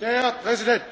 herr präsident!